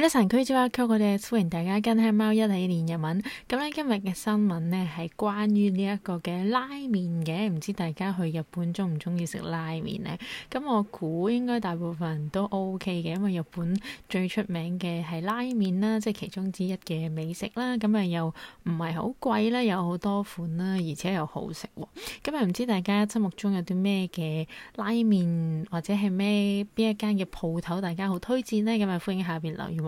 喺神區 JoJo 我哋歡迎大家跟黑貓一起練日文。咁咧今日嘅新聞咧係關於呢一個嘅拉麵嘅，唔知大家去日本鍾唔鍾意食拉麵咧？咁我估應該大部分人都 OK 嘅，因為日本最出名嘅係拉麵啦，即係其中之一嘅美食啦。咁啊又唔係好貴啦，有好多款啦，而且又好食。咁啊唔知大家心目中有啲咩嘅拉麵或者係咩邊一間嘅鋪頭大家好推薦咧？咁啊歡迎下邊留言。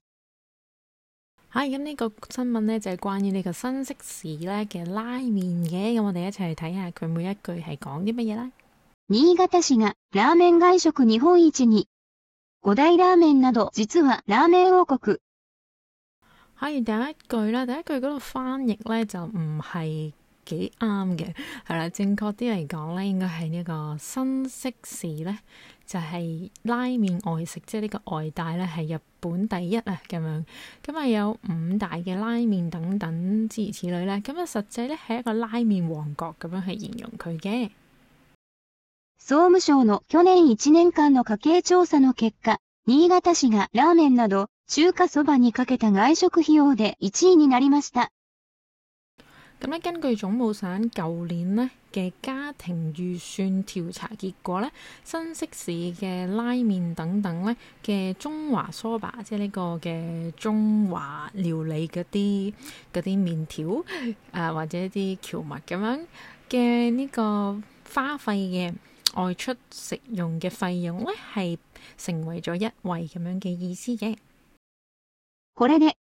係，咁呢個新聞咧就係關於呢個新潟市咧嘅拉麵嘅，咁我哋一齊睇下佢每一句係講啲乜嘢啦。新潟市が拉麵外食日本一，五大拉麵等，実は拉麵王國。係第一句啦，第一句嗰度翻譯咧就唔係。幾啱嘅，係啦。正確啲嚟講咧，應該係呢個新潟市咧，就係拉麵外食，即係呢個外帶咧係日本第一啊咁樣，咁啊有五大嘅拉麵等等，諸如此類咧，咁啊實際咧係一個拉麵王國咁樣去形容佢嘅。総務省の去年1年間の家計調査の結果、新潟市がラーメンなど中華そばにかけた外食費用で1位になりました。咁咧，根據總務省舊年咧嘅家庭預算調查結果咧，新式市嘅拉麵等等咧嘅中華 soba 即係呢個嘅中華料理嗰啲嗰啲麵條啊，或者啲蕎麥咁樣嘅呢、這個花費嘅外出食用嘅費用咧，係成為咗一位咁樣嘅意思嘅。好啦，你。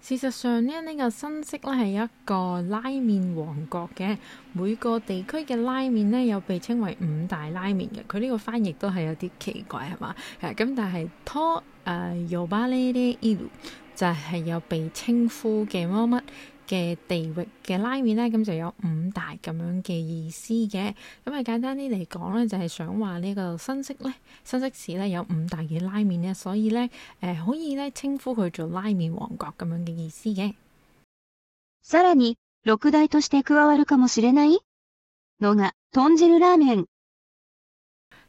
事實上咧，呢、這個新潟咧係一個拉麵王國嘅，每個地區嘅拉麵咧有被稱為五大拉麵嘅，佢呢個翻譯都係有啲奇怪係嘛？咁，但係と呼ばれている呢就係、是、有被稱呼嘅乜乜。嘅地域嘅拉麵呢，咁就有五大咁樣嘅意思嘅。咁啊，簡單啲嚟講呢就係、是、想話呢個新潟呢，新潟市呢，有五大嘅拉麵呢，所以呢，誒、呃、可以咧稱呼佢做拉麵王國咁樣嘅意思嘅。それ六大として加わるかもしれないのがトン汁ラーメン。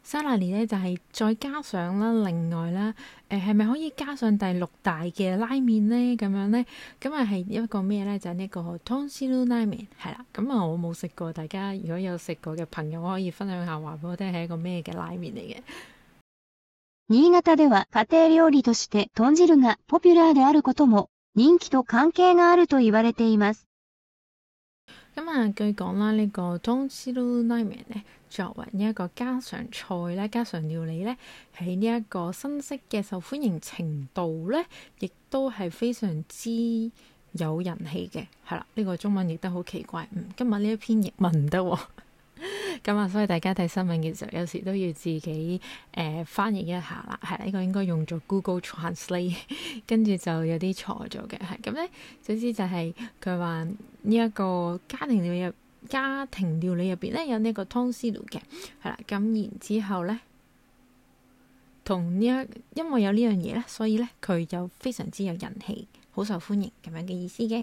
沙拉麵咧就係再加上啦，另外啦，誒係咪可以加上第六大嘅拉麵咧？咁樣咧，今日係一個咩咧？就係呢個豚汁拉麵，係啦。咁啊，我冇食過，大家如果有食過嘅朋友可以分享下話俾我聽，係一個咩嘅拉麵嚟嘅。新潟では家庭料理として豚汁がポピュラーであることも人気と関係があると言われています。咁啊，據講啦，這個、Don 呢個 donut onion 咧，作為呢一個家常菜咧、家常料理咧，喺呢一個新式嘅受歡迎程度咧，亦都係非常之有人氣嘅。係啦，呢、這個中文亦都好奇怪，嗯、今日呢一篇譯文唔得喎。 咁啊、 嗯，所以大家睇新聞嘅時候，有時都要自己誒、呃、翻譯一下啦。係呢個應該用咗 Google Translate， 跟住就有啲錯咗嘅。係咁咧，總之就係佢話呢一個家庭料理，家庭料理入邊咧有個湯絲爐呢個湯司爐嘅，係啦。咁然之後咧，同呢一，因為有呢樣嘢咧，所以咧佢有非常之有人氣，好受歡迎咁樣嘅意思嘅。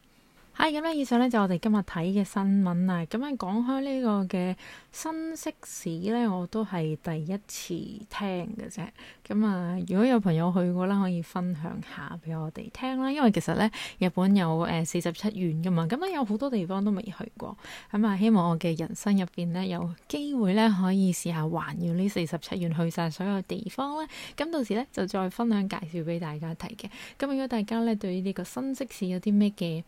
係咁咧，Hi, 以上咧就我哋今日睇嘅新聞啊。咁樣講開呢個嘅新式市咧，我都係第一次聽㗎啫。咁啊，如果有朋友去過啦，可以分享下俾我哋聽啦。因為其實咧，日本有誒四十七縣噶嘛，咁咧有好多地方都未去過。咁啊，希望我嘅人生入邊咧有機會咧可以試下環繞呢四十七縣去晒所有地方咧。咁到時咧就再分享介紹俾大家睇嘅。咁如果大家咧對於呢個新式市有啲咩嘅？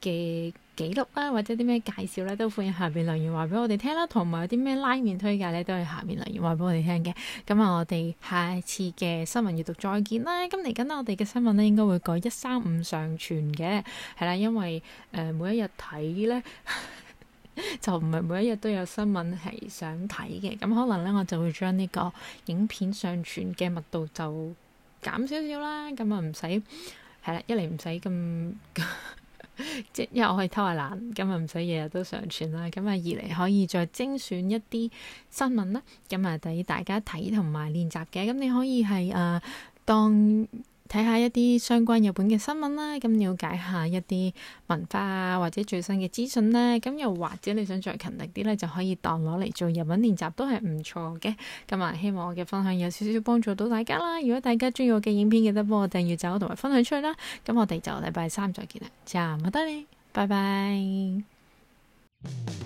嘅記錄啦，或者啲咩介紹咧，都歡迎下邊留言話俾我哋聽啦。同埋有啲咩拉麵推介咧，都係下面留言話俾我哋聽嘅。咁啊，我哋下次嘅新聞閱讀再見啦。咁嚟緊我哋嘅新聞咧，應該會改一三五上傳嘅，係啦，因為誒、呃、每一日睇咧就唔係每一日都有新聞係想睇嘅。咁可能咧我就會將呢個影片上傳嘅密度就減少少啦。咁啊，唔使係啦，一嚟唔使咁。即因為我可以偷下懶，咁啊唔使日日都上傳啦。咁啊二嚟可以再精選一啲新聞啦。咁啊，俾大家睇同埋練習嘅。咁你可以係誒、啊、當。睇下一啲相關日本嘅新聞啦，咁了解一下一啲文化啊，或者最新嘅資訊咧，咁又或者你想再勤力啲咧，就可以當攞嚟做日文練習，都係唔錯嘅。咁啊，希望我嘅分享有少少幫助到大家啦。如果大家中意我嘅影片，記得幫我訂閱咗同埋分享出去啦。咁我哋就禮拜三再見啦，謝啊得利，拜拜。